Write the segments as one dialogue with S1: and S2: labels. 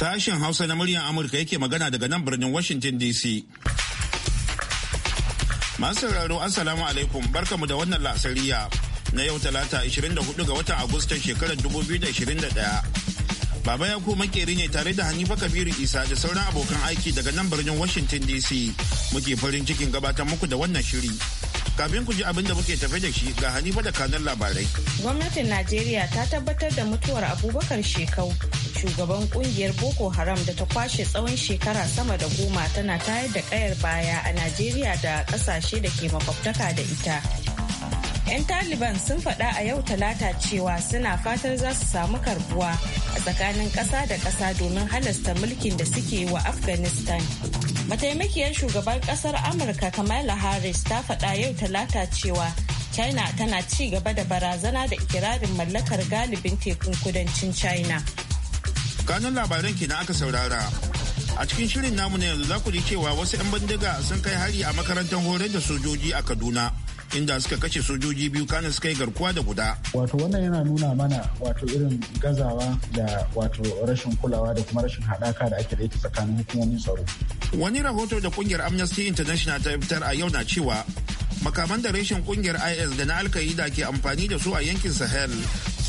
S1: Sashen Hausa na muryar Amurka yake magana daga nan birnin Washington DC. Masu sauraro Assalamu alaikum barkamu da wannan lasariya na yau talata 24 ga watan agusta shekarar 2021. Baba Yakubu makeri ne tare da Hanifa Kabiru Isa da sauran abokan aiki daga nan birnin Washington DC muke farin cikin gabatar muku da wannan shiri. kafin ku ji abin da muke tafe da shi ga hanifa da kanan labarai.
S2: Gwamnatin Najeriya ta tabbatar da mutuwar Abubakar Shekau shugaban kungiyar boko haram da ta kwashe tsawon shekara sama da goma tana tayar da kayar baya a najeriya da kasashe da ke makwabtaka da ita 'yan taliban sun faɗa a yau talata cewa suna fatar za su samu karbuwa a tsakanin ƙasa da ƙasa domin halasta mulkin da suke wa afghanistan mataimakiyar shugaban ƙasar amurka kamala harris ta faɗa yau talata cewa china tana ci gaba da barazana da ikirarin mallakar galibin tekun kudancin china
S1: kanun labaran kenan aka saurara a cikin shirin namu na yanzu za ku ji cewa wasu 'yan bindiga sun kai hari a makarantar horar da sojoji a kaduna inda suka kashe sojoji biyu kana suka
S3: yi garkuwa da guda. Wato wannan yana nuna mana wato irin gazawa da wato rashin kulawa da kuma rashin hadaka da ake da tsakanin hukumomin tsaro.
S1: Wani rahoto da kungiyar Amnesty International ta fitar a yau na cewa makaman da rashin kungiyar IS da na Alkaida ke amfani da su a yankin Sahel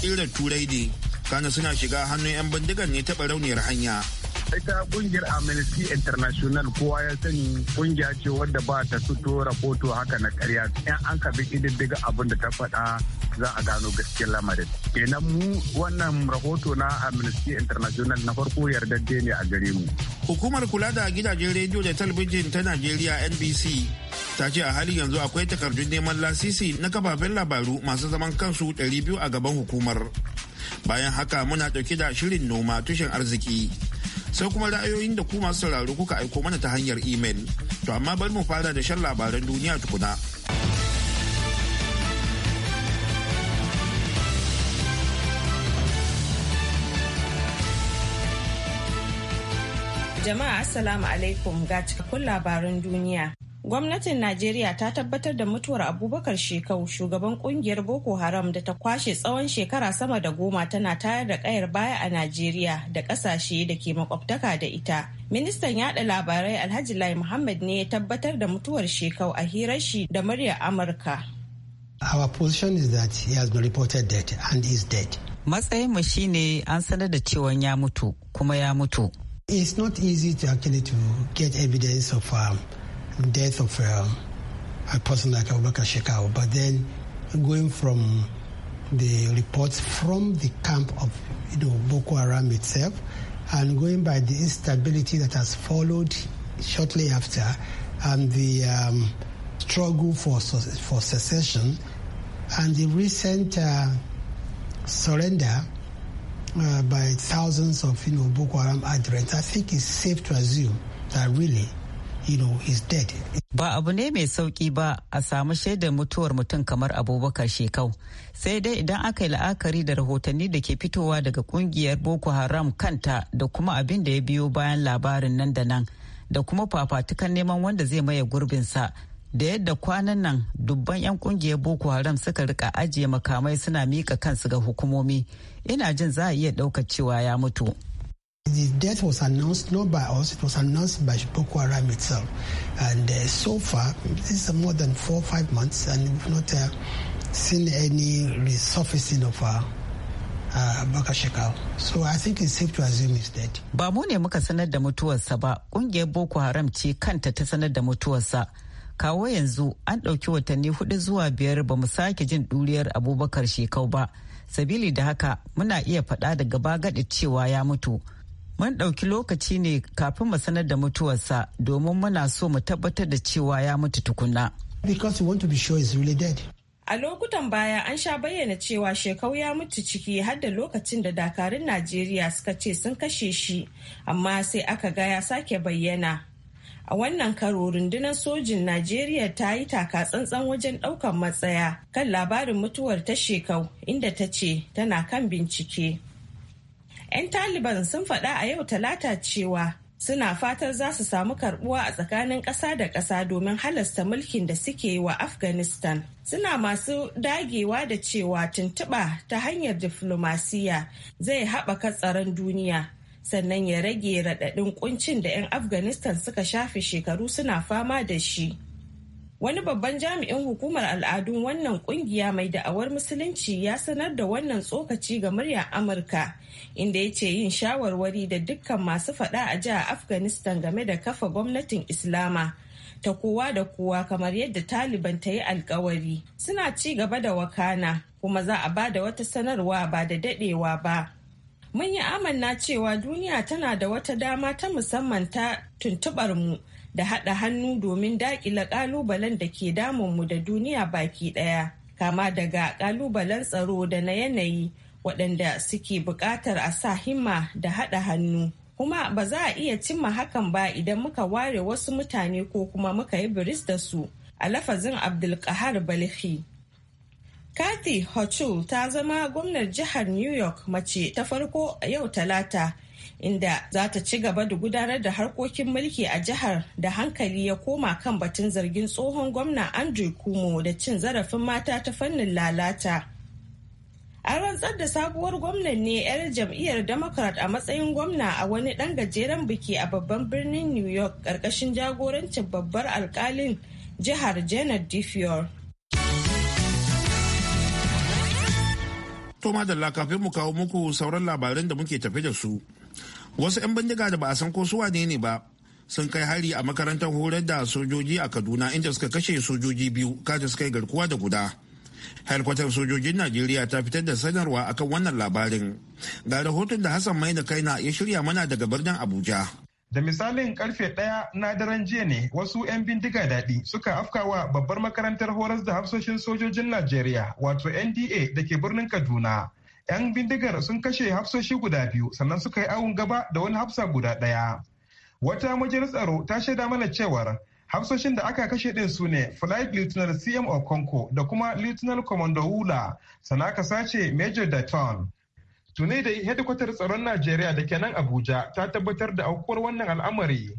S1: tsirar Turai ne. kana suna shiga hannun 'yan bindigar ne
S3: ta barauniyar hanya ita kungiyar amnesty international kowa ya sani kungiya ce wadda ba ta fito rahoto haka na karya in an ka bi ididdiga abin da ta faɗa za a gano gaskiyar lamarin kenan mu wannan rahoto na amnesty international na farko yardadde ne a gare mu
S1: hukumar kula da gidajen rediyo da talabijin ta najeriya nbc ta ce a hali yanzu akwai takardun neman lasisi na kafafen labaru masu zaman kansu 200 a gaban hukumar bayan haka muna ɗauke da shirin noma tushen arziki sai kuma ra'ayoyin da ku masu sauraro kuka aiko mana ta hanyar imel to amma bari mu fara da shan labaran duniya tukuna
S2: jama'a assalamu alaikum ga cikakkun labaran duniya Gwamnatin Najeriya ta tabbatar da mutuwar Abubakar Shekau shugaban kungiyar Boko Haram da ta kwashe tsawon shekara sama da goma tana tayar da kayar baya a Najeriya da ƙasashe da ke makwabtaka da ita. Ministan yada labarai Alhaji Lai Muhammad ne ya tabbatar da mutuwar Shekau a hirar shi da murya Amurka.
S4: Our position is that he has been reported dead and is dead. Matsayinmu shine an sanar da cewa ya mutu kuma ya mutu. It's not easy to actually to get evidence of um,
S5: death of um, a person like Abubakar Shekau, but then going from the reports from the camp of you know, Boko Haram itself and going by the instability that has followed shortly after and the um, struggle for, for secession and the recent uh, surrender uh, by thousands of you know, Boko Haram adherents, I think it's safe to assume that really you know
S4: ba abu ne mai sauki ba a samu shaidar mutuwar mutum kamar abubakar shekau sai dai idan aka yi la'akari da rahotanni da ke fitowa daga kungiyar boko haram kanta da kuma abin da ya biyo bayan labarin nan da nan da kuma fafatukan neman wanda zai maye gurbinsa da yadda kwanan nan dubban 'yan kungiyar boko haram suka rika ajiye makamai suna mika kansu ga hukumomi ina jin za a iya ɗaukar cewa ya mutu
S5: The death was announced not by us, it was announced by Boko Haram itself. And uh, so far, this is more than four or five months, and we've not uh, seen any resurfacing of our. Uh, uh,
S4: ba mu ne muka sanar da mutuwarsa ba, ƙungiyar Boko Haram ce kanta ta sanar da mutuwarsa. Kawo yanzu an ɗauki watanni hudu zuwa biyar ba mu sake jin ɗuriyar abubakar shekau ba. Sabili da haka muna iya faɗa da gaba gaɗi cewa ya mutu. Mun ɗauki lokaci ne kafin mu sanar da mutuwarsa domin muna so mu tabbatar da cewa ya mutu tukuna.
S2: A lokutan baya an sha bayyana cewa shekau ya mutu ciki har da lokacin da dakarun Najeriya suka ce sun kashe shi, amma sai aka ga ya sake bayyana. A wannan karo rundunar sojin Najeriya ta yi taka tsantsan wajen ɗaukan matsaya kan labarin mutuwar ta shekau inda ta ce tana kan bincike. 'Yan Taliban sun faɗa a yau talata cewa suna fatar za su samu karbuwa a tsakanin ƙasa da ƙasa domin halasta mulkin da suke yi wa afghanistan suna masu dagewa da cewa tuntuɓa ta hanyar diflomasiya zai haɓaka tsaron duniya sannan ya rage raɗaɗin kuncin da 'yan afghanistan suka shafe shekaru suna fama da shi Wani babban jami'in hukumar al'adun wannan kungiya mai da'awar musulunci ya sanar da wannan tsokaci ga murya Amurka inda ya ce yin shawarwari da dukkan masu faɗa a jihar Afghanistan game da kafa gwamnatin Islama ta kowa da kowa kamar yadda Taliban ta yi alkawari suna ci gaba da wakana kuma za a ba da wata sanarwa ba da daɗewa ba. mun yi amanna cewa duniya tana da wata dama ta musamman ta tuntubar mu da haɗa hannu domin daƙila ƙalubalen da ke damunmu da duniya baki ɗaya kama daga ƙalubalen tsaro da na yanayi waɗanda suke buƙatar a sa himma da haɗa hannu kuma ba za a iya cimma hakan ba idan muka ware wasu mutane ko kuma muka yi biris da su a lafazin abdulkahar balhi kathy hochul ta zama gwamnar jihar new york mace ta farko yau talata inda za ta ci gaba da gudanar da harkokin mulki a jihar da hankali ya koma kan batun zargin tsohon gwamna Andrew Kumo da cin zarafin mata ta fannin lalata. An rantsar da sabuwar gwamnan ne 'yar jam'iyyar Democrat a matsayin gwamna a wani ɗan gajeren biki a babban birnin New York ƙarƙashin jagorancin babbar alkalin jihar Janet Difior.
S1: To da kafin mu kawo muku sauran labaran da muke tafe da su. wasu 'yan bindiga da ba a san ko su wane ne ba sun kai hari a makarantar horar da sojoji a kaduna inda suka kashe sojoji biyu kada suka yi garkuwa da guda harkwatar sojojin najeriya ta fitar da sanarwa akan wannan labarin ga rahoton da hassan mai da kaina ya shirya mana daga birnin abuja
S6: da misalin karfe ɗaya na daren jiya ne wasu 'yan bindiga daɗi suka afkawa babbar makarantar horas da hafsoshin sojojin najeriya wato nda da ke birnin kaduna 'yan bindigar sun kashe hafsoshi guda biyu sannan suka yi awun gaba da wani hafsa guda ɗaya wata majalisar tsaro ta shaida mana cewar hafsoshin da aka kashe din su ne flight lieutenant cm of conco da kuma lieutenant commando hula sannan aka sace major dayton tuni da hedikwatar tsaron najeriya da ke nan abuja ta tabbatar da aukuwar wannan al'amari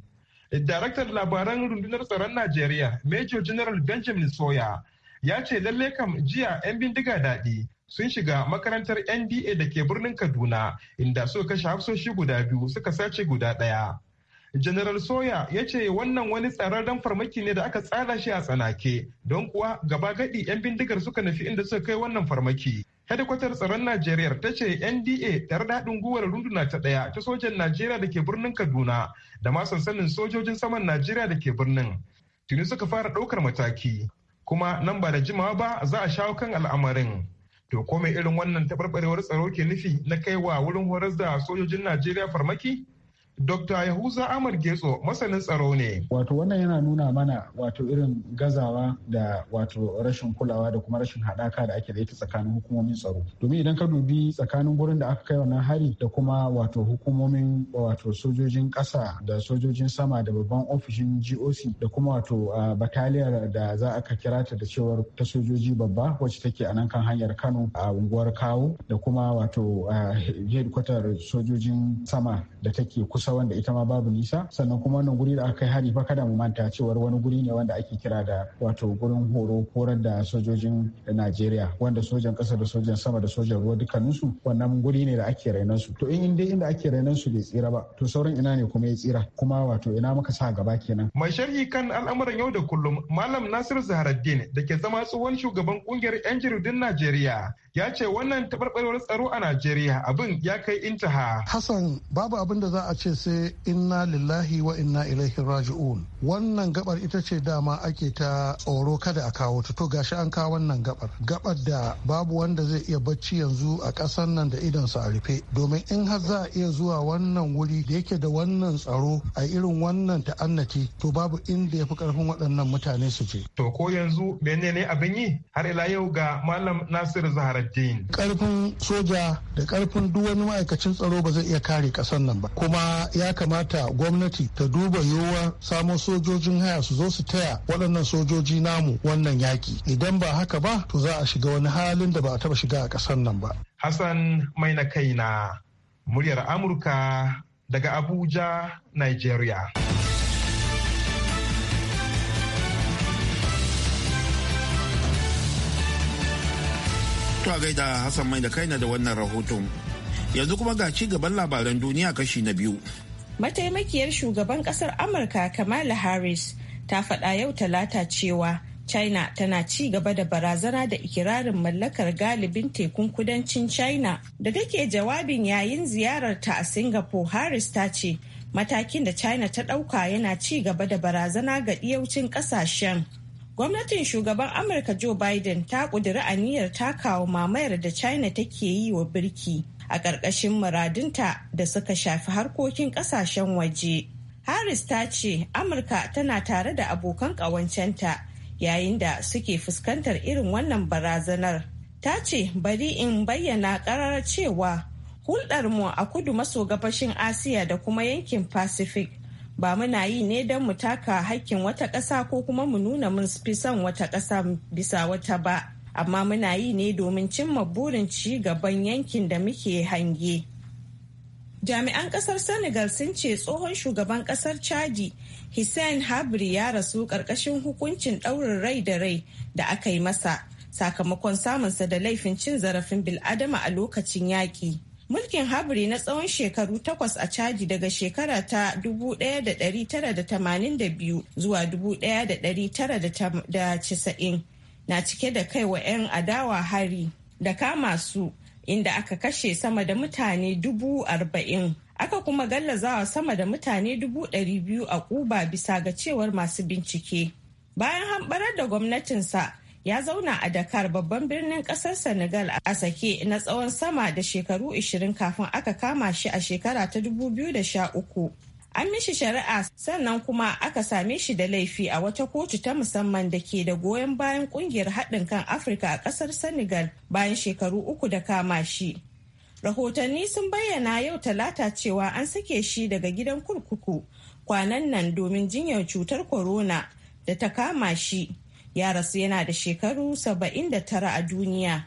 S6: Daraktar labaran rundunar tsaron najeriya major general benjamin soya ya ce lalle kam jiya 'yan bindiga daɗi sun shiga makarantar nda da ke birnin kaduna inda suka kashe hafsoshi guda biyu suka sace guda ɗaya General Soya ya ce wannan wani tsararren farmaki ne da aka tsara shi a tsanake don kuwa gaba gadi 'yan bindigar suka nufi inda suka kai wannan farmaki. Hedikwatar tsaron Najeriya ta ce NDA tare da haɗin gwiwar runduna ta ɗaya ta sojan Najeriya da ke birnin Kaduna da ma sansanin sojojin saman Najeriya da ke birnin. Tuni suka fara ɗaukar mataki kuma nan ba da jimawa ba za a shawo kan al'amarin. To ko mai irin wannan taɓarɓarewar tsaro ke nufi na kaiwa wurin horas da sojojin Najeriya
S3: farmaki? Dr. Yahuza Ahmad Getso masanin tsaro ne. Wato wannan yana nuna mana wato irin gazawa da wato rashin kulawa da kuma rashin haɗaka da ake da ita tsakanin hukumomin tsaro. Domin idan ka dubi tsakanin gurin da aka kai wannan hari da kuma wato hukumomin wato sojojin kasa da sojojin sama da babban ofishin GOC da kuma wato bataliyar da za a ka kira ta da cewar ta sojoji babba wacce take a nan kan hanyar Kano a unguwar Kawo da kuma wato uh, sojojin sama da take kusa kusa wanda ita ma babu nisa sannan kuma wannan guri da aka kai hari fa kada mu manta cewar wani guri ne wanda ake kira da wato gurin horo horar da sojojin Najeriya wanda sojan kasa da sojan sama da sojan ruwa su wannan guri ne da ake rainan su to in dai inda ake rainan su bai tsira ba to sauran ina ne kuma ya tsira kuma wato ina muka sa gaba kenan mai
S6: sharhi kan al'amuran yau da kullum malam Nasir Zaharaddin da ke zama tsohon shugaban kungiyar 'yan jaridun Najeriya ya ce wannan tabarbarewar tsaro a Najeriya abin ya kai intaha Hassan babu
S5: abin da za a ce ce sai inna lillahi wa inna ilaihi raji'un wannan gabar ita ce dama ake ta tsoro kada a kawo ta to gashi an kawo wannan gabar gabar da babu wanda zai iya bacci yanzu a ƙasar nan da idonsa a rufe domin in har za a iya zuwa wannan wuri da yake da wannan tsaro a irin wannan ta'annati to babu inda yafi karfin waɗannan mutane su je. To ko yanzu
S6: menene abin yi har ila yau ga Malam Nasir
S5: Zaharaddin. Karfin soja da karfin duk wani ma'aikacin tsaro ba zai iya kare ƙasar nan ba kuma ya kamata gwamnati ta duba yiwuwa samo sojojin haya su zo su taya waɗannan sojoji namu wannan yaki idan ba haka ba to za a shiga wani halin da ba a taɓa shiga a ƙasar nan ba.
S6: Hassan mai na kai na muryar Amurka daga Abuja, Nigeria.
S1: To gaida Hassan mai da kaina da wannan rahoton. yanzu kuma ga ci gaban labaran duniya kashi na biyu
S2: mataimakiyar shugaban kasar amurka kamala harris ta faɗa yau talata cewa china tana ci gaba da barazana da ikirarin mallakar galibin tekun kudancin china da take jawabin yayin ziyararta a singapore harris ta ce matakin da china ta ɗauka yana ci gaba da barazana ga ɗiyaucin ƙasashen gwamnatin shugaban amurka joe biden ta ƙudiri aniyar takawa mamayar da china take yi wa birki a ƙarƙashin muradunta da suka shafi harkokin ƙasashen waje. Harris ta ce Amurka tana tare da abokan ƙawancenta yayin da suke fuskantar irin wannan barazanar. Ta ce bari in bayyana ƙarar cewa hulɗarmu a kudu maso gabashin Asiya da kuma yankin Pacific ba muna yi ne don mu taka hakkin wata ƙasa ko kuma mu nuna mun fi son wata ƙasa bisa wata ba. amma muna yi ne domin cimma burin ci gaban yankin da muke hange. Jami'an kasar Senegal sun ce tsohon shugaban kasar Chadi Hussein Habri ya rasu ƙarƙashin hukuncin ɗaurin rai da rai da aka yi masa sakamakon samunsa da laifin cin zarafin bil'adama a lokacin yaƙi. Mulkin Habri na tsawon shekaru takwas a Chadi daga shekara ta 1982 zuwa 1990 na cike da kai wa 'yan adawa hari da kama su inda aka kashe sama da mutane dubu arba'in aka kuma gallazawa sama da mutane dubu ɗari biyu a kuba bisa ga cewar masu bincike bayan hamɓarar da gwamnatinsa ya zauna a dakar babban birnin ƙasar senegal a sake na tsawon sama da shekaru 20 kafin aka kama shi a shekara ta 2013 an mishi shari'a sannan kuma aka same shi da laifi a wata kotu ta musamman da ke da goyon bayan kungiyar haɗin kan afirka a ƙasar senegal bayan shekaru uku da kama shi rahotanni sun bayyana yau talata cewa an sake shi daga gidan kurkuku kwanan nan domin jinyar cutar corona da ta kama shi ya rasu yana da shekaru 79 a duniya.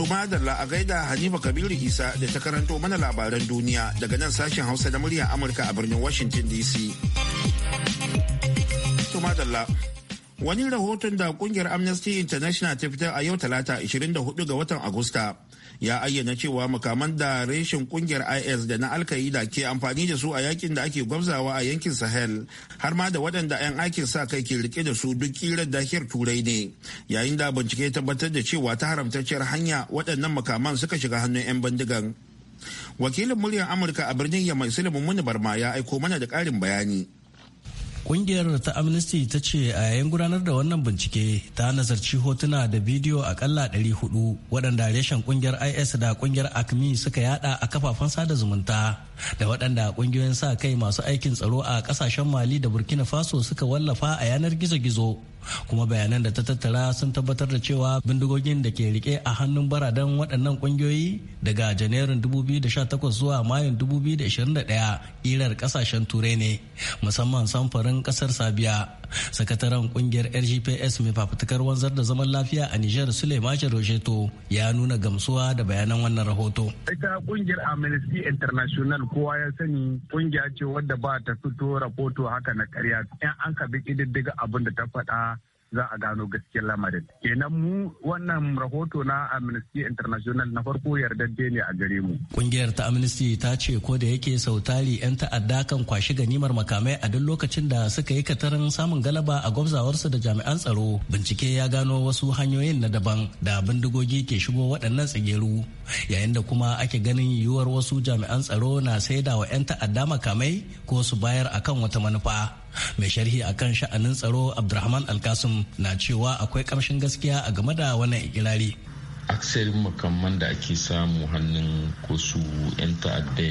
S1: To madalla a gaida hanifa Kabiru Isa da ta karanto mana labaran duniya daga nan sashen Hausa na murya Amurka a birnin Washington DC. To Wani rahoton da kungiyar Amnesty International ta fitar a yau talata 24 ga watan Agusta ya ayyana cewa makaman da reshen kungiyar is da na alkaida ke amfani da su a yakin da ake gwamzawa a yankin sahel har ma da waɗanda 'yan aikin sa kai ke rike da su duk kirar dahiyar turai ne yayin da bincike tabbatar da cewa ta haramtacciyar hanya waɗannan makaman suka shiga hannun 'yan bindigan wakilin muryar amurka a birnin yamai sulaiman muni barma ya aiko mana da ƙarin bayani Kungiyar
S7: ta Amnesty ta ce a yayin gudanar da wannan bincike ta nazarci hotuna da bidiyo akalla 400 waɗanda reshen kungiyar IS da kungiyar Acme suka yada a kafafen sada zumunta da waɗanda kungiyoyin sa kai masu aikin tsaro a ƙasashen Mali da Burkina Faso suka wallafa a yanar gizo-gizo. kuma bayanan da ta tattara sun tabbatar da cewa bindigogin da ke rike a hannun baradan waɗannan ƙungiyoyi daga janairun 2018 zuwa mayun 2021 irar ƙasashen turai ne musamman samfarin ƙasar sabiya sakataren ƙungiyar rgps mai fafutukar wanzar da zaman lafiya a nijar suleiman rojeto ya nuna gamsuwa da bayanan wannan rahoto
S3: ita ƙungiyar amnesty international kowa ya sani ƙungiya ce wadda ba ta fito rahoto haka na karya in an ka bi ƙididdiga abin da ta faɗa za a gano gaskiyar lamarin kenan mu wannan rahoto na amnesty international na farko yarda yardadde ne a gare mu
S7: kungiyar ta amnesty ta ce ko da yake sautari yan ta'adda kan kwashi ganimar makamai a duk lokacin da suka yi katarin samun galaba a gwabzawarsu da jami'an tsaro bincike ya gano wasu hanyoyin na daban da bindigogi ke shigo waɗannan tsigeru yayin da kuma ake ganin yiwuwar wasu jami'an tsaro na saida wa yan ta'adda makamai ko su bayar akan wata manufa mai sharhi akan sha'anin tsaro abdulrahman alkasim na cewa akwai kamshin gaskiya a game da wannan ikirari
S8: aksarin makamman da ake samu hannun kosu 'yan ta'adda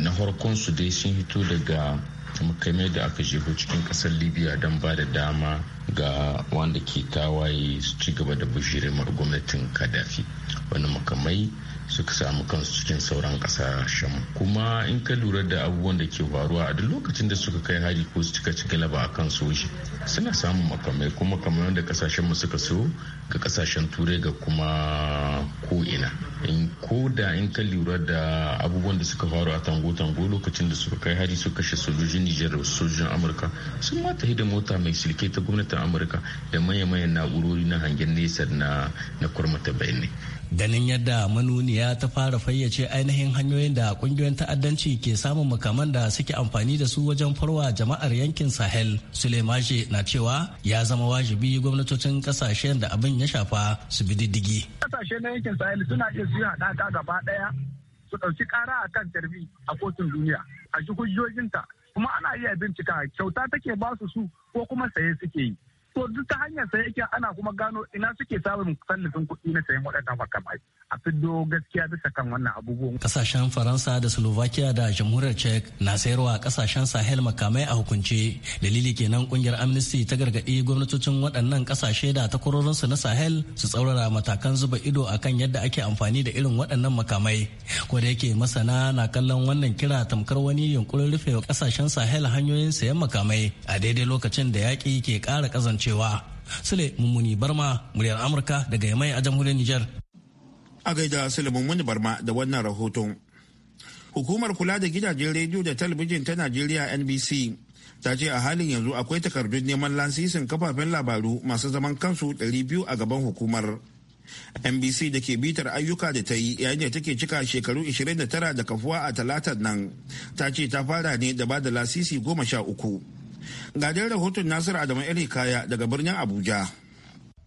S8: na harkon su dai sun hito daga makamai da aka jefa cikin kasar libya don ba da dama ga wanda ke tawaye su ci gaba da bushiremar gwamnatin kadafi wani makamai suka samu kansu cikin sauran kasashen kuma in ka lura da abubuwan da ke faruwa a duk lokacin da suka kai hari ko su cika cikin galaba a kan soji suna samun makamai kuma kamar yadda kasashen mu suka so ga kasashen turai ga kuma ko ina in ko da in ka lura da abubuwan da suka faru a tango tango lokacin da suka kai hari suka kashe sojojin Nijar sojojin Amurka sun mata da mota mai silke ta gwamnatin Amurka da manya-manyan na'urori na hangen nesa na na kwarmata bayanai
S7: ganin yadda manuniya ta fara fayyace ainihin hanyoyin da kungiyoyin ta'addanci ke samun makaman da suke amfani da su wajen farwa jama'ar yankin sahel sulemaje na cewa ya zama wajibi gwamnatocin kasashen da abin ya shafa su bi diddigi
S3: kasashe na yankin sahel suna iya su haɗaka gaba ɗaya su ɗauki ƙara a kan tarbi a kotun duniya a ji hujjojinta kuma ana iya bincika kyauta take ba su su ko kuma saye suke yi to duk ta hanyar sai yake ana kuma gano ina suke
S9: samun tallafin kuɗi na sayan waɗannan makamai
S3: a fiddo gaskiya bisa kan wannan abubuwan. Kasashen
S7: Faransa da Slovakia da Jamhuriyar Czech na sayarwa kasashen Sahel makamai a hukunce. Dalili kenan kungiyar Amnesty ta gargaɗi gwamnatocin waɗannan kasashe da takwarorinsu na Sahel su tsaurara matakan zuba ido akan yadda ake amfani da irin waɗannan makamai. Ko da yake masana na kallon wannan kira tamkar wani yunkurin rufe kasashen Sahel hanyoyin sayan makamai a daidai lokacin da yaƙi ke ƙara ƙazanta kasancewa. Sule Mummuni Barma, muryar Amurka
S1: daga Yamai a jamhuriyar Nijar. A gaida Sule Mummuni Barma da wannan rahoton. Hukumar kula da gidajen rediyo da talabijin ta Najeriya NBC ta ce a halin yanzu akwai takardun neman lasisin kafafen labaru masu zaman kansu 200 a gaban hukumar. NBC da ke bitar ayyuka da ta yi yayin da take cika shekaru 29 da kafuwa a talatar nan ta ce ta fara ne da ba da lasisi goma sha uku. Ga dai rahoton Nasiru Adamu kaya daga birnin Abuja.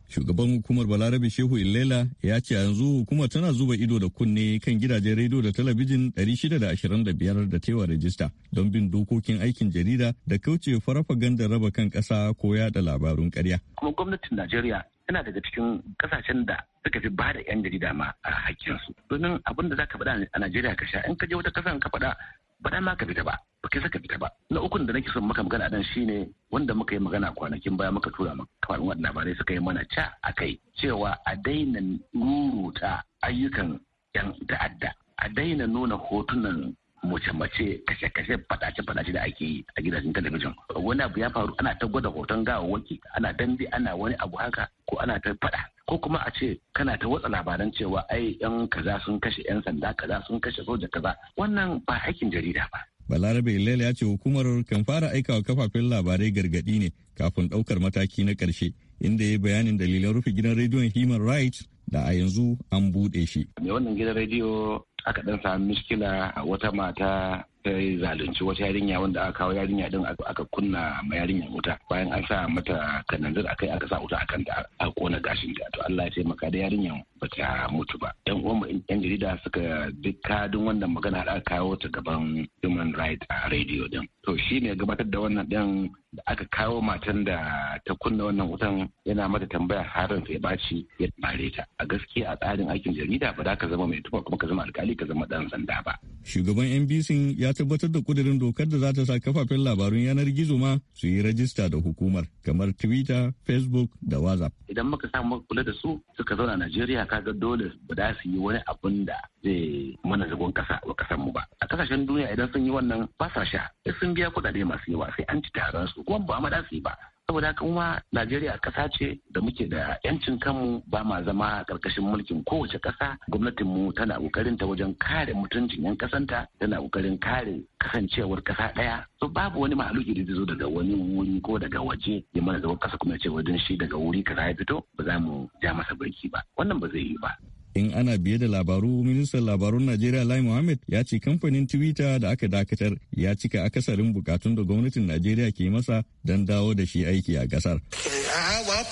S8: Shugaban hukumar Balarabe Shehu Ilela ya ce yanzu hukumar tana zuba ido da kunne kan gidajen rediyo da talabijin 625 da taiwa rajista don bin dokokin aikin jarida da kauce ganda raba kan ƙasa ko yada labarun karya.
S9: Kuma gwamnatin Najeriya yana daga cikin kasashen da suka fi ba da 'yan jarida ma a hakkinsu domin abin da zaka faɗa a najeriya ka sha in ka je wata ƙasa ka faɗa ba ma ka fita ba ba kai saka fita ba na ukun da nake son maka magana dan shine wanda muka yi magana kwanakin baya muka tura maka kafafen wannan labarai suka yi mana ca a kai cewa a daina ruruta ayyukan yan ta'adda a daina nuna hotunan mace-mace kashe-kashe fadace-fadace da ake yi a gidajen talabijin wani abu ya faru ana ta gwada hoton gawawwaki ana dambe ana wani abu haka ko ana ta fada ko kuma a ce kana ta watsa labaran cewa ai yan kaza sun kashe yan sanda kaza sun kashe soja kaza wannan ba aikin jarida ba
S8: balarabe lele ya ce hukumar kan fara aikawa kafafen labarai gargadi ne kafin daukar mataki na karshe inda ya bayanin dalilan rufe gidan rediyon human rights da a yanzu an buɗe shi.
S9: Mai wannan gidan rediyo aka dan samu miskila wata mata ta zalunci wata yarinya wanda aka kawo yarinya din aka kunna ma yarinya wuta bayan an sa mata kananzir akai aka sa wuta akan ta a kona gashin ta to Allah ya taimaka da yarinya ba ta mutu ba yan uwanmu yan jarida suka duk kadin wannan magana da aka kawo ta gaban human rights a radio din to shi ne gabatar da wannan din da aka kawo matan da ta kunna wannan wutan yana mata tambaya harin sai baci ya bare ta a gaskiya a tsarin aikin jarida ba za ka zama mai tuba kuma ka zama alkali ka zama dan sanda ba
S8: shugaban NBC ya tabbatar da kudirin dokar da za ta sa kafafen labarun yanar gizo ma su yi rajista da hukumar kamar Twitter, Facebook da WhatsApp
S9: idan muka samu kula da su suka zauna Najeriya kaga dole ba su yi wani abun da zai mana zagon kasa ba kasar mu ba a kasashen duniya idan sun yi wannan ba sa sha sun biya kuɗaɗe masu yawa sai an ci taron su kuma ba ma da su yi ba saboda haka kuma najeriya kasa ce da muke da yancin kanmu ba ma zama karkashin mulkin kowace ƙasa gwamnatinmu tana kokarin ta wajen kare mutuncin yan kasanta tana kokarin kare kasancewar ƙasa ɗaya so babu wani mahaluki da zai zo daga wani wuri ko daga waje ya mana zama kasa kuma ya ce wajen shi daga wuri kaza ya fito ba za mu ja masa birki ba wannan ba zai yi ba
S8: in ana biye da labaru ministan labarun najeriya lai muhammad ya ce kamfanin twitter da aka dakatar ya cika akasarin bukatun da gwamnatin najeriya ke masa don dawo da shi aiki a gasar eh, ah,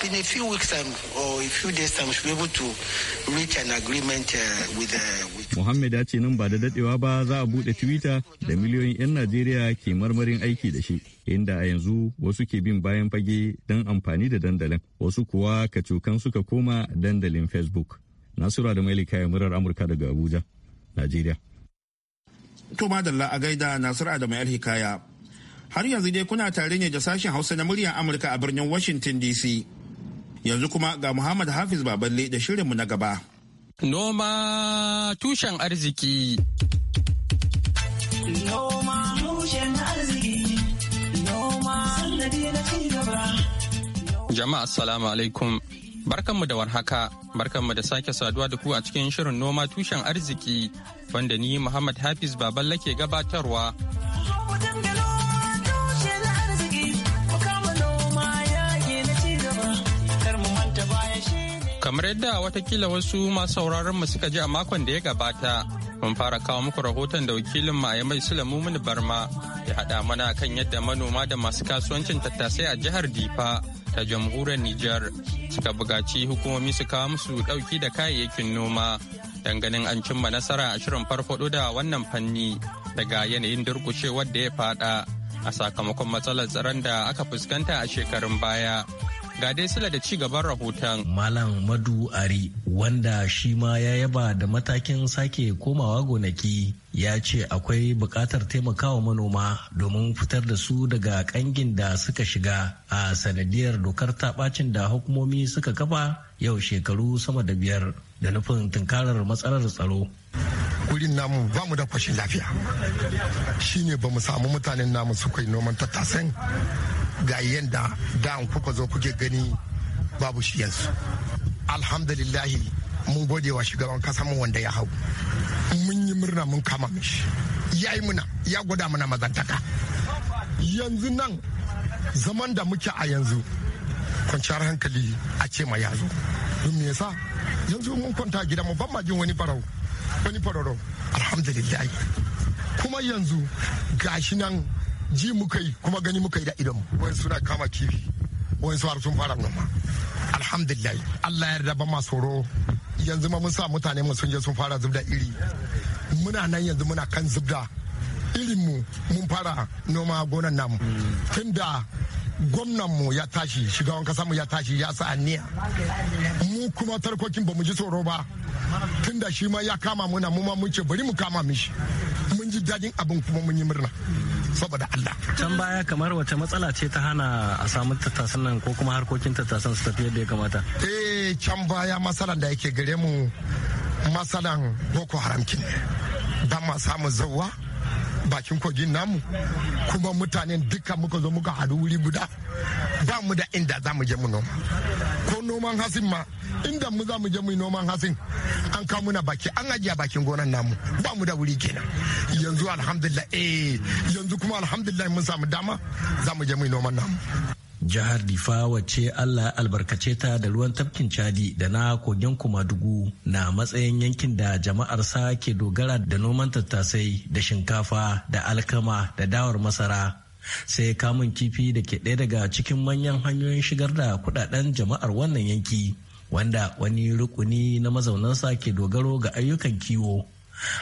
S8: muhammad uh, uh, ya ce nan ba da dadewa ba za a bude twitter da miliyoyin 'yan najeriya ke marmarin aiki da shi inda a yanzu wasu ke bin bayan fage don amfani da dandalin wasu kuwa kacokan suka koma dandalin facebook Nasura da Mailika ya murar Amurka daga Abuja, Najeriya.
S1: To madalla a gaida Nasura da Mail Hikaya. Har yanzu dai kuna tare ne da sashen Hausa na muryar Amurka a birnin Washington DC. Yanzu kuma ga Muhammad Hafiz Baballe da shirinmu na gaba.
S10: Noma tushen arziki.
S7: Noma na ci
S10: Jama'a assalamu alaikum Barkanmu da warhaka, barkanmu da sake saduwa da ku a cikin shirin noma tushen arziki wanda ni Muhammad Hafiz Baballa ke gabatarwa. Kamar yadda watakila wasu masu sauraron mu suka ji a makon da ya gabata, mun fara kawo muku rahoton da wakilin mu a mai Sulaimu Barma ya haɗa mana kan yadda manoma da masu kasuwancin tattasai a jihar Difa. ta jamhuriyar Nijar suka bugaci hukumomi su kawo musu ɗauki da kayayyakin noma danganin an cimma nasara a shirin farfaɗo da wannan fanni daga yanayin durkushewar da ya faɗa a sakamakon matsalar tsaron da aka fuskanta a shekarun baya Ga dai sila da ci gaban rahoton.
S7: Malam Madu Ari wanda shi ma ya yaba da matakin sake komawa gonaki ya ce akwai bukatar taimakawa manoma domin fitar da su daga kangin da suka shiga a sanadiyar dokar tabacin da hukumomi suka kafa yau shekaru
S11: sama da biyar da nufin tunkarar matsalar tsaro. gurin namu ba mu da kwashin lafiya shine ba mu samu mutanen namu su kai noman tattasen ga yanda da kuka zo kuke gani babu shi yanzu alhamdulillahi mun gode wa shugaban kasa mu wanda ya hau mun yi murna mun kama mishi ya yi muna ya gwada mana mazantaka yanzu nan zaman da muke a yanzu kwanciyar hankali a ce ma yazo don me yasa yanzu mun kwanta gida mu ban ma wani farau wani fararau alhamdulillah kuma yanzu gashi nan ji muka yi kuma gani muka yi da idan wani suna kama kifi wani su sun fara noma alhamdulillah Allah ya yarda ba ma yanzu ma mun sa mutane mu sun je sun fara zubda iri muna nan yanzu muna kan zubda irin mu mun fara noma gonan namu tunda gwamnanmu ya tashi shugaban mu ya tashi ya sa aniya mu kuma tarkokin bamu ji tsoro ba tun da shi ma ya kama muna mu ma mun ce bari mu kama mishi mun ji dadin abin kuma mun yi murna saboda Allah. Can baya kamar wace matsala ce ta
S7: hana a samu tattasan nan ko kuma harkokin tattasan su tafi yadda ya kamata?
S11: Eh can baya matsalan da yake gare mu matsalan Boko Haram ne Ba ma samu zawa bakin kogin namu kuma mutanen duka muka zo muka haɗu wuri guda ba mu da inda za mu je mu noma ko noman hasin ma inda mu za mu je mu yi noman hasin an kawo muna baki an ajiya bakin gonan namu ba mu da wuri kenan yanzu alhamdulillah eh yanzu kuma alhamdulillah mun samu dama za mu je mu yi noman namu
S7: jihar difa wacce allah albarkace ta da ruwan tafkin chadi da na kogin kumadugu na matsayin yankin da jama'ar sa ke dogara da noman tattasai da shinkafa da alkama da dawar masara sai kamun kifi da ke ɗaya daga cikin manyan hanyoyin shigar da kudaden jama'ar wannan yanki wanda wani rukuni na mazaunansa ke dogaro ga ayyukan kiwo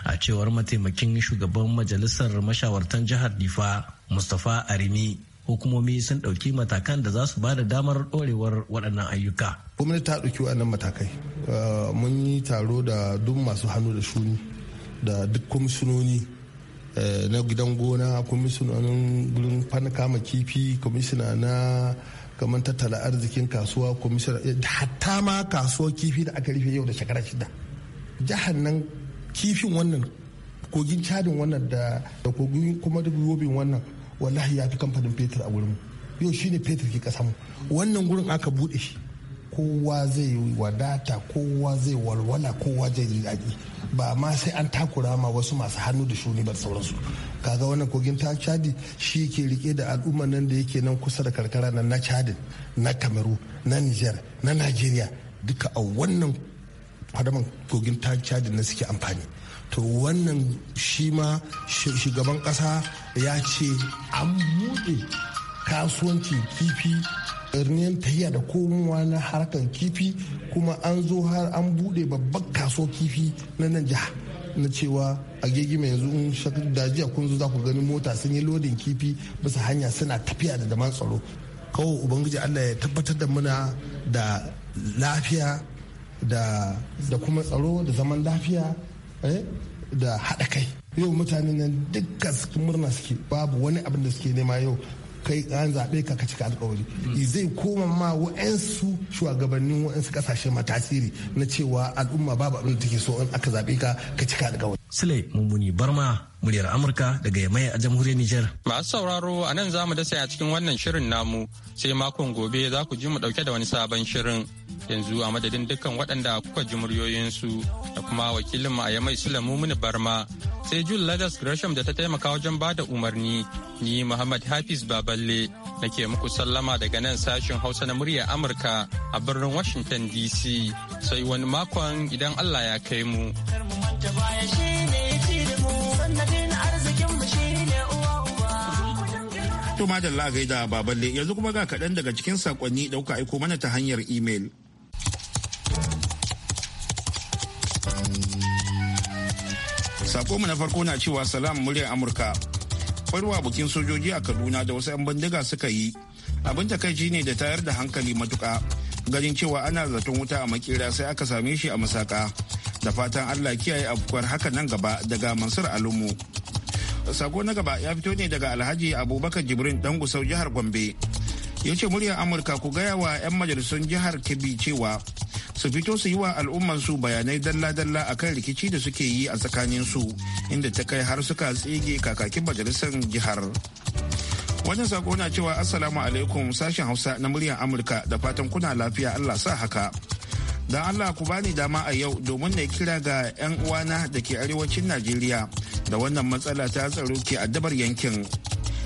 S7: a cewar mataimakin shugaban majalisar mashawartan jihar difa mustapha arimi hukumomi sun ɗauki matakan da za su ba da damar ɗorewar waɗannan ayyuka. gwamnati ta ɗauki waɗannan matakai
S5: uh, mun yi taro da duk masu hannu da shuni da duk kwamishinoni eh, na gidan gona kwamishinonin fana kama kifi kwamishina na kamar tattala arzikin kasuwa kwamishina eh, hatta ma kasuwa kifi da aka rufe yau da shekara shida jihar nan kifin wannan kogin cadin wannan da kogin kuma da wannan wallahi ya fi kamfanin fetur a wurin yau shine fetur ke kasa mu wannan wurin aka bude shi kowa zai wadata kowa zai walwala kowa zai yi daɗi ba ma sai an takura ma wasu masu hannu da shuni ba sauransu kaga wannan kogin ta chadi shi ke rike da al'umma nan da yake nan kusa da karkara nan na chadin na kamaru na niger na nigeria duka a wannan fadaman kogin ta chadin na suke amfani to wannan shi ma shugaban kasa ya ce an buɗe kasuwanci kifi irin tahiya da komowa na harkar kifi kuma an zo har an buɗe babban kaso kifi na nan jiha na cewa a gegi mai yanzu in shakar dajiya kun zo za ku gani mota sun yi lodin kifi bisa hanya suna tafiya da daman tsaro kawai ubangiji allah ya tabbatar da muna da lafiya da kuma tsaro da zaman lafiya Eh? da haɗa kai yau mutanen nan dukkan murna suke babu wani abin da suke nema yau kai an zaɓe ka ka cika alkawari hmm. zai koma ma wa'ansu shugabannin wa'ansu kasashe ma tasiri
S7: na cewa al'umma babu abin da take so in aka zaɓe ka ka cika alƙawari. Sule Mummuni Barma muryar Amurka daga Yamai a jamhuriyar Nijar.
S10: Masu sauraro a nan za mu dasa a cikin wannan shirin namu sai makon gobe za ku ji mu ɗauke da wani sabon shirin. yanzu a madadin dukkan waɗanda kuka ji muryoyinsu da kuma wakilin a yamai sulamu mini barma sai jul ladas gresham da ta taimaka wajen ba da umarni ni muhammad hafiz baballe nake muku sallama daga nan sashen hausa na muryar amurka a birnin washington dc sai wani makon idan allah ya kai mu.
S1: da lagai gaida baballe yanzu kuma ga kaɗan daga cikin saƙonni ɗauka aiko mana ta hanyar imel. sako mu na farko na cewa salam muryar amurka farwa bukin sojoji a kaduna da wasu 'yan bindiga suka yi abin takaici ne da tayar da hankali matuka ganin cewa ana zaton wuta a makera sai aka same shi a masaka da fatan allah kiyaye abubuwar haka nan gaba daga mansur alumu sako na gaba ya fito ne daga alhaji abubakar jibrin dan gusau jihar gombe ya ce muryar amurka ku gaya wa 'yan majalisun jihar kebbi cewa su fito su yi wa su bayanai dalla-dalla kan rikici da suke yi a tsakanin su inda ta kai har suka tsige kakakin majalisar jihar wannan sako na cewa assalamu alaikum sashen hausa na muryar amurka da fatan kuna lafiya allah sa haka don allah ku bani dama a yau domin na kira ga 'yan uwana da ke arewacin najeriya da wannan matsala ta tsaro ke addabar yankin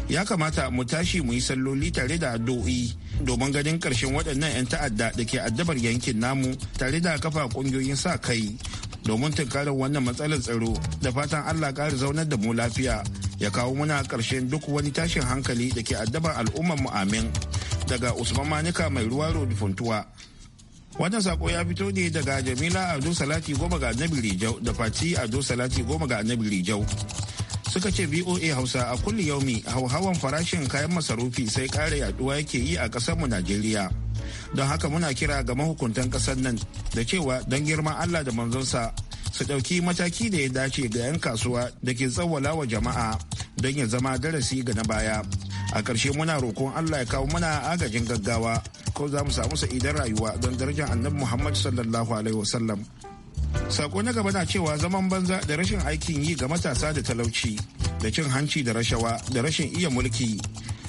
S1: ya kamata mu tashi mu yi salloli tare da addu'o'i domin ganin karshen waɗannan 'yan ta'adda da ke addabar yankin namu tare da kafa ƙungiyoyin sa kai domin tunkarar wannan matsalar tsaro da fatan Allah ƙara zaunar da mu lafiya ya kawo muna karshen duk wani tashin hankali da ke addabar al'ummar mu amin daga Usman Manika mai ruwa Rodifuntuwa. Wannan sako ya fito ne daga Jamila Ado Salati goma ga Annabi Rijau da Fati Ado Salati goma ga Annabi Rijau. suka ce VOA Hausa a kulli yaumi hauhawan farashin kayan masarufi sai kare yaduwa yake yi a kasar mu Najeriya. Don haka muna kira ga mahukuntan kasar nan da cewa don girma Allah da manzonsa su ɗauki mataki da ya dace ga 'yan kasuwa da ke tsawwala wa jama'a don ya zama darasi ga na baya. A ƙarshe muna rokon Allah ya kawo mana agajin gaggawa ko za mu samu sa'idar rayuwa don darajar annabi Muhammad sallallahu alaihi wasallam. sako na gaba na cewa zaman banza da rashin aikin yi ga matasa da talauci da cin hanci da rashawa da rashin iya mulki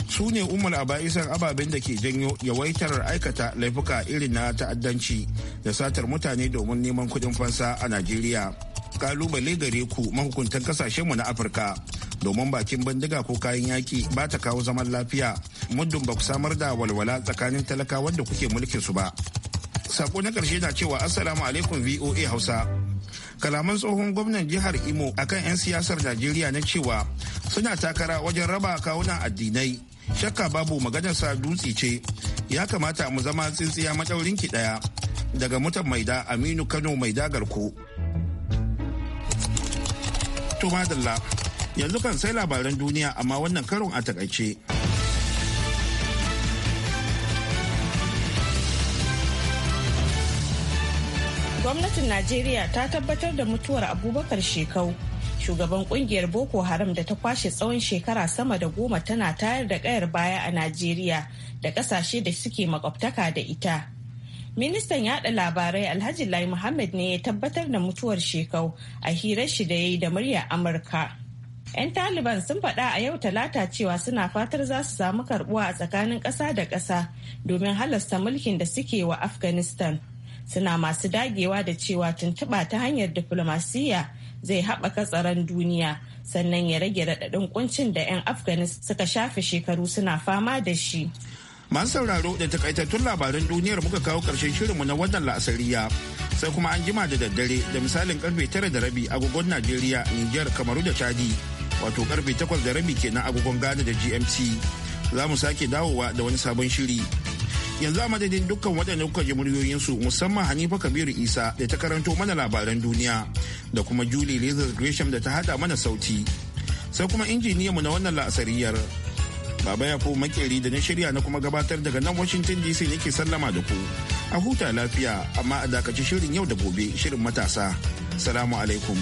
S1: su ne umar aba'isan ababen da ke janyo yawaitar aikata laifuka irin na ta'addanci da satar mutane domin neman kuɗin fansa a najeriya kalubale gare ku mahukuntan mu na afirka domin bakin bindiga ko kayan yaki ba ta kawo zaman lafiya muddin ba ku samar da walwala tsakanin talakawan da kuke mulkin su ba sako na karshe na cewa assalamu alaikum voa hausa kalaman tsohon gwamnan jihar imo akan 'yan siyasar najeriya na cewa suna takara wajen raba kawunan addinai shakka babu maganar sa dutse ce ya kamata mu zama tsintsiya matsaurin ki daya daga mutan maida aminu kano maida garko to madalla yanzu kan sai labaran duniya amma wannan karon a takaice
S2: gwamnatin najeriya ta tabbatar da mutuwar abubakar shekau shugaban kungiyar boko haram da ta kwashe tsawon shekara sama da goma tana tayar da kayar baya a najeriya da kasashe da suke makwabtaka da ita ministan yada labarai alhaji lai muhammad ne ya tabbatar da mutuwar shekau a hirar shi da ya yi da murya amurka 'yan taliban sun faɗa a yau talata cewa suna fatar za su samu karbuwa a tsakanin ƙasa da ƙasa domin halasta mulkin da suke wa afghanistan suna masu dagewa da cewa tuntuɓa ta hanyar diflomasiyya zai haɓaka tsaron duniya sannan ya rage raɗaɗin kuncin da 'yan afghanis suka shafe shekaru suna fama da shi
S1: masu sauraro da takaitattun labaran duniyar muka kawo ƙarshen shirinmu na wannan la'asariya sai kuma an jima da daddare da misalin karfe tara da rabi agogon najeriya niger kamaru da chadi wato karfe takwas da rabi kenan agogon ghana da gmt za mu sake dawowa da wani sabon shiri yanzu a madadin dukkan waɗanda kuka ji muryoyinsu musamman hanifa kabiru isa da ta karanto mana labaran duniya da kuma julie lizard gresham da ta hada mana sauti sai kuma injiniyanmu na wannan la'asariyar baba ya ko makeri da na shirya na kuma gabatar daga nan washington dc nake sallama da ku a huta lafiya amma a dakaci shirin yau da gobe shirin matasa salamu alaikum